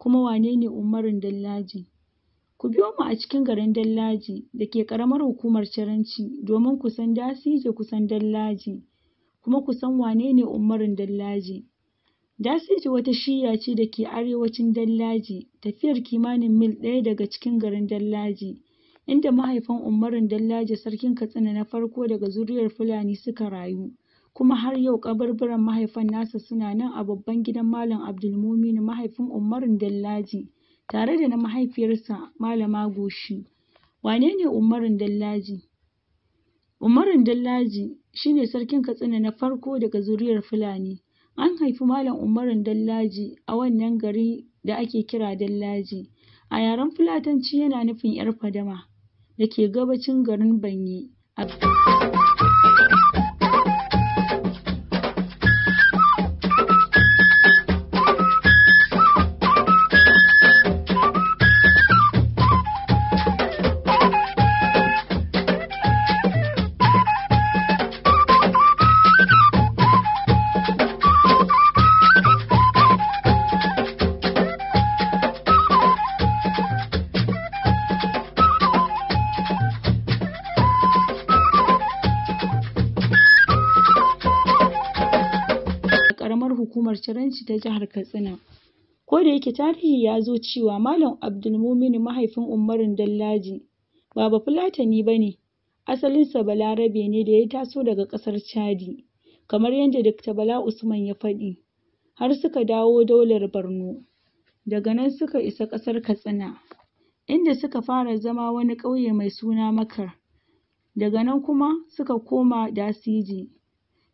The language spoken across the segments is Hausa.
kuma wanene umarin Dallaji. Ku biyo mu a cikin garin Dallaji da ke ƙaramar hukumar Caranci domin ku san Dasije ku san Dallaji kuma ku san wanene umarin Dallaji. Dasije wata shiya ce da ke arewacin Dallaji tafiyar kimanin mil ɗaya daga cikin garin Dallaji inda mahaifin umarin Dallaji sarkin Katsina na farko daga zuriyar Fulani suka rayu. kuma har yau kaburburan mahaifan nasa suna nan a babban gidan Malam Abdulmumin mahaifin Umarin Dallaji tare da na mahaifiyarsa Malama Goshi. Wane ne Umarun Dallaji? Umarin Dallaji shine sarkin Katsina na farko daga zuriyar Fulani. An haifi Malam Umarin Dallaji a wannan gari da ake kira Dallaji. A yaren Fulatanci yana nufin ‘yar fadama da ke gabacin garin Banye. Musulunci ta Jihar Katsina. Ko da yake tarihi ya zo cewa Malam Abdulmumin mahaifin Umarun Dallaji ba Bafulatani ba ne, asalinsa Balarabe ne da ya taso daga ƙasar Chadi, kamar yadda Dr. Bala Usman ya faɗi, har suka dawo daular Borno. Daga nan suka isa ƙasar Katsina, inda suka fara zama wani ƙauye mai suna Makar. Daga nan kuma suka koma Dasiji.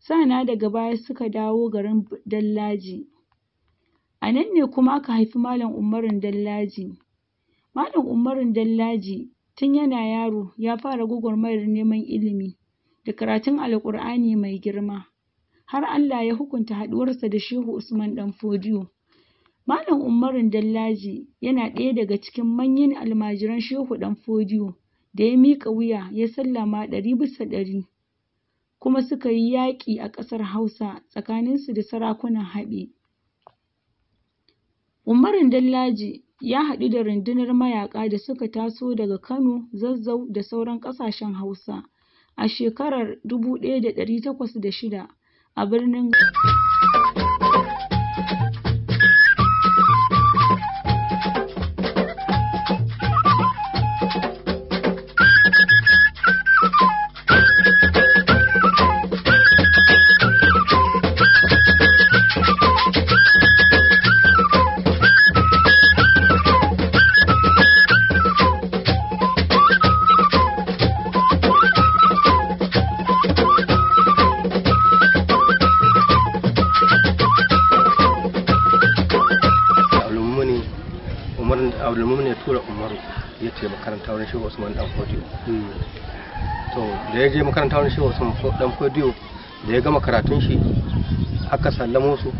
Sana daga baya suka dawo garin Dallaji. A nan ne kuma aka haifi Malam umarin Dallaji. Malam umarin Dallaji tun yana yaro ya fara gwagwarmayar neman ilimi da karatun Alƙur'ani mai girma, har Allah ya hukunta haɗuwarsa da Shehu Usman Ɗanfodiyo. Malam umarin Dallaji yana ɗaya daga cikin manyan almajiran Shehu fodiyo da ya mika wuya ya sallama ɗari bisa ɗari kuma suka yi yaƙi a ƙasar Hausa tsakaninsu da sarakunan Haɓe. Umarun Dallaji ya haɗu da rundunar mayaƙa da suka taso daga Kano, Zazzau da sauran ƙasashen Hausa a shekarar dubu ɗaya da shida a birnin. umar abdulmumin ya tura umaru ya ce makaranta wani shehu usman dan fodiyo hmm. to da ya je makaranta wani shehu usman dan fodiyo da ya gama karatun shi aka sallamo su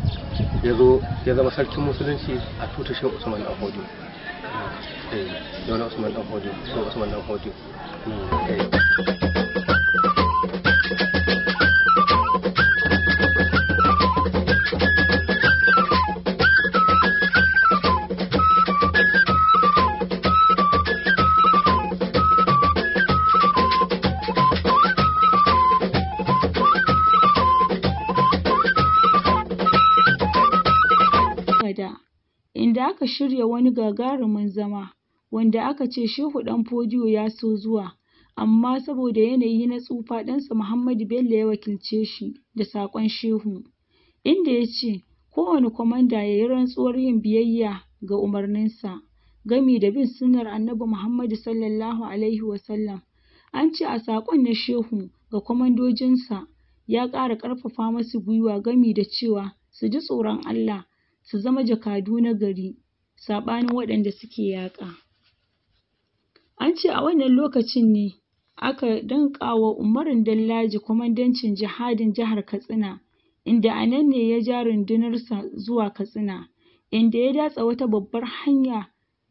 ya zo ya zama sarkin musulunci a tuta shehu usman dan fodiyo eh dole usman dan fodiyo shehu usman dan fodiyo hmm. eh. aka shirya wani gagarumin zama, wanda aka ce Shehu ɗan fodiyo ya so zuwa, amma saboda yanayi na tsufa ɗansa Muhammadu Bello ya wakilce shi da saƙon Shehu, inda ya ce kowane kwamanda ya yi rantsuwar yin biyayya ga umarninsa, gami da bin sunnar Annabi Muhammadu Sallallahu SAW. An ce a saƙon na Shehu ga kwamandojinsa, ya ƙara ƙarfafa masu gwiwa gami da cewa su ji tsoron Allah, su zama jakadu na gari. saɓanin waɗanda suke yaƙa. An ce a wannan lokacin ne aka danƙawa Umaru dallaji kwamandancin jihadin jihar Katsina, inda a nan ne ya ja rundunarsa zuwa Katsina, inda ya datse wata babbar hanya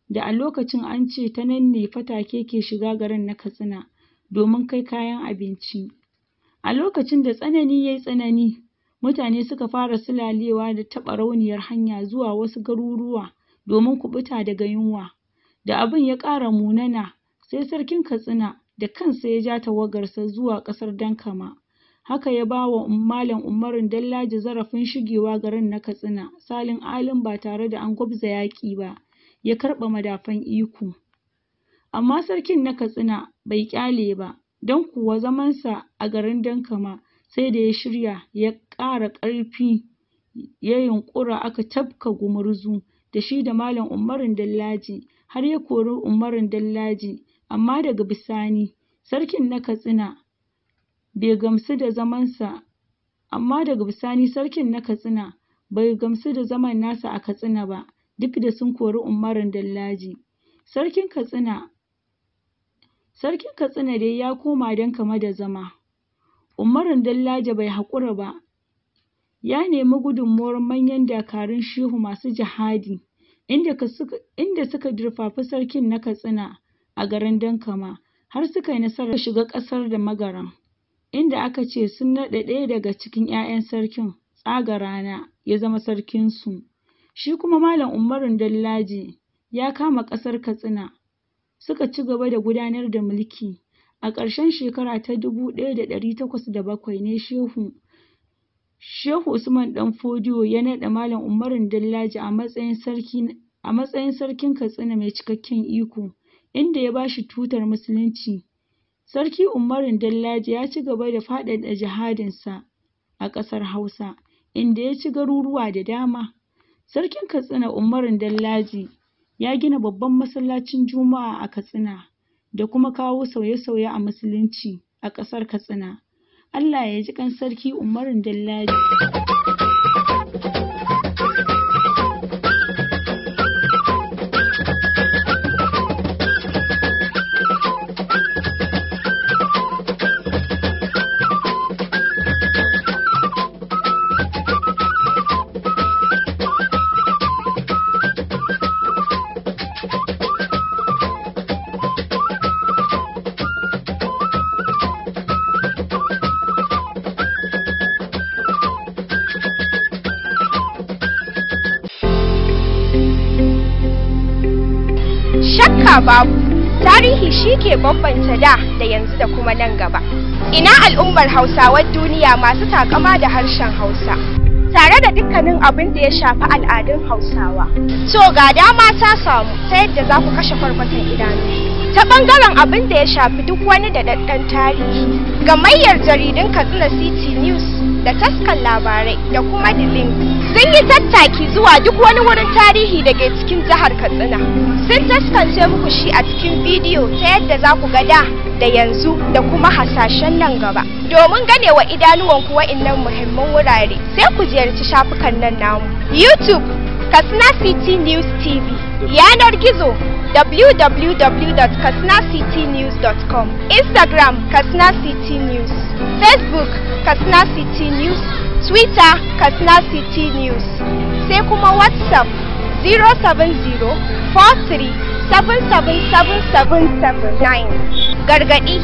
da a lokacin an ce ta nan ne fatake ke shiga garin na Katsina domin kai kayan abinci. A lokacin da tsanani ya yi tsanani, mutane suka fara sulalewa da taɓa rauniyar hanya zuwa wasu garuruwa domin kuɓuta daga yunwa. Da abin ya ƙara munana sai sarkin Katsina da kansa ya ja tawagarsa zuwa ƙasar Dankama. Haka ya ba wa um, Malam umarin Dallaji zarafin shigewa garin na Katsina salin alin ba tare da an gwabza yaƙi ba, ya karɓa madafan iko. Amma sarkin na Katsina bai ƙyale ba, don kuwa zamansa a garin Dankama sai da ya shirya ya ƙara ƙarfi ya yunƙura aka tafka gumurzu da shi da Malam Umarin Dallaji har ya kori Umarin Dallaji, amma daga bisani sarkin na Katsina bai gamsu da zamansa amma daga bisani sarkin na Katsina bai gamsu da zaman nasa a Katsina ba duk da sun kori Umarin Dallaji. Sarkin Katsina Sarkin Katsina dai ya koma don kama da zama. Umarin Dallaji bai haƙura ba ya nemi gudunmawar manyan dakarun Shehu masu jihadi, inda suka durfafi Sarkin na Katsina a garin Dankama, har suka yi nasarar shiga ƙasar da magaran, inda aka ce sun naɗa ɗaya daga cikin 'ya'yan sarkin, tsaga rana, ya zama sarkinsu. Shi kuma Malam Umarun Dallaji ya kama ƙasar Katsina, suka ci gaba da gudanar da mulki. A ƙarshen shekara ta dubu ɗaya da da ɗari bakwai ne Shehu Shehu Usman ɗan Fodiyo ya naɗa Malam Umarin Dallaji a matsayin Sarkin Katsina mai cikakken iko, inda ya ba shi tutar Musulunci. Sarki Umarin dallaji ya ci gaba da faɗaɗa jihadinsa a ƙasar Hausa, inda ya ci garuruwa da dama. Sarkin Katsina Umarin dallaji ya gina babban masallacin Juma'a a Katsina da kuma kawo sauye-sauye a Musulunci a ƙasar Katsina. Allah ya ji kan sarki Umaru Ladi. babu tarihi shi ke bambanta da da yanzu da kuma nan gaba ina al'ummar hausawar duniya masu takama da harshen hausa tare da dukkanin abin da ya shafi al'adun hausawa to ga dama ta samu ta yadda za ku kashe farfatan idanu ta bangaren abin da ya shafi duk wani da daddan tarihi gamayyar jaridun katsina city news da taskan labarai da kuma the link sun yi tattaki zuwa duk wani wurin tarihi da ke cikin jihar katsina sun taskance muku shi a cikin bidiyo ta yadda za ku gada da yanzu da kuma hasashen nan gaba domin gane wa idanuwanku wa'innan muhimman wurare sai ku ziyarci shafukan nan namu youtube katsina city news tv yanar gizo www.katsinacitynews.com instagram katsina city news facebook katsina city news Twitter Katsina City News, sai kuma WhatsApp 0704377779 gargadi Gargaɗi,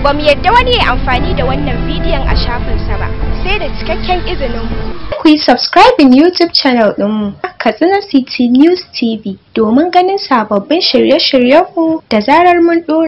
ba mu yadda wani ya amfani da wannan bidiyon a shafinsa ba, sai da cikakken izininmu. Ku yi subscribing YouTube channel mu Katsina City News TV domin ganin sababbin shirye-shiryenmu da zarar mun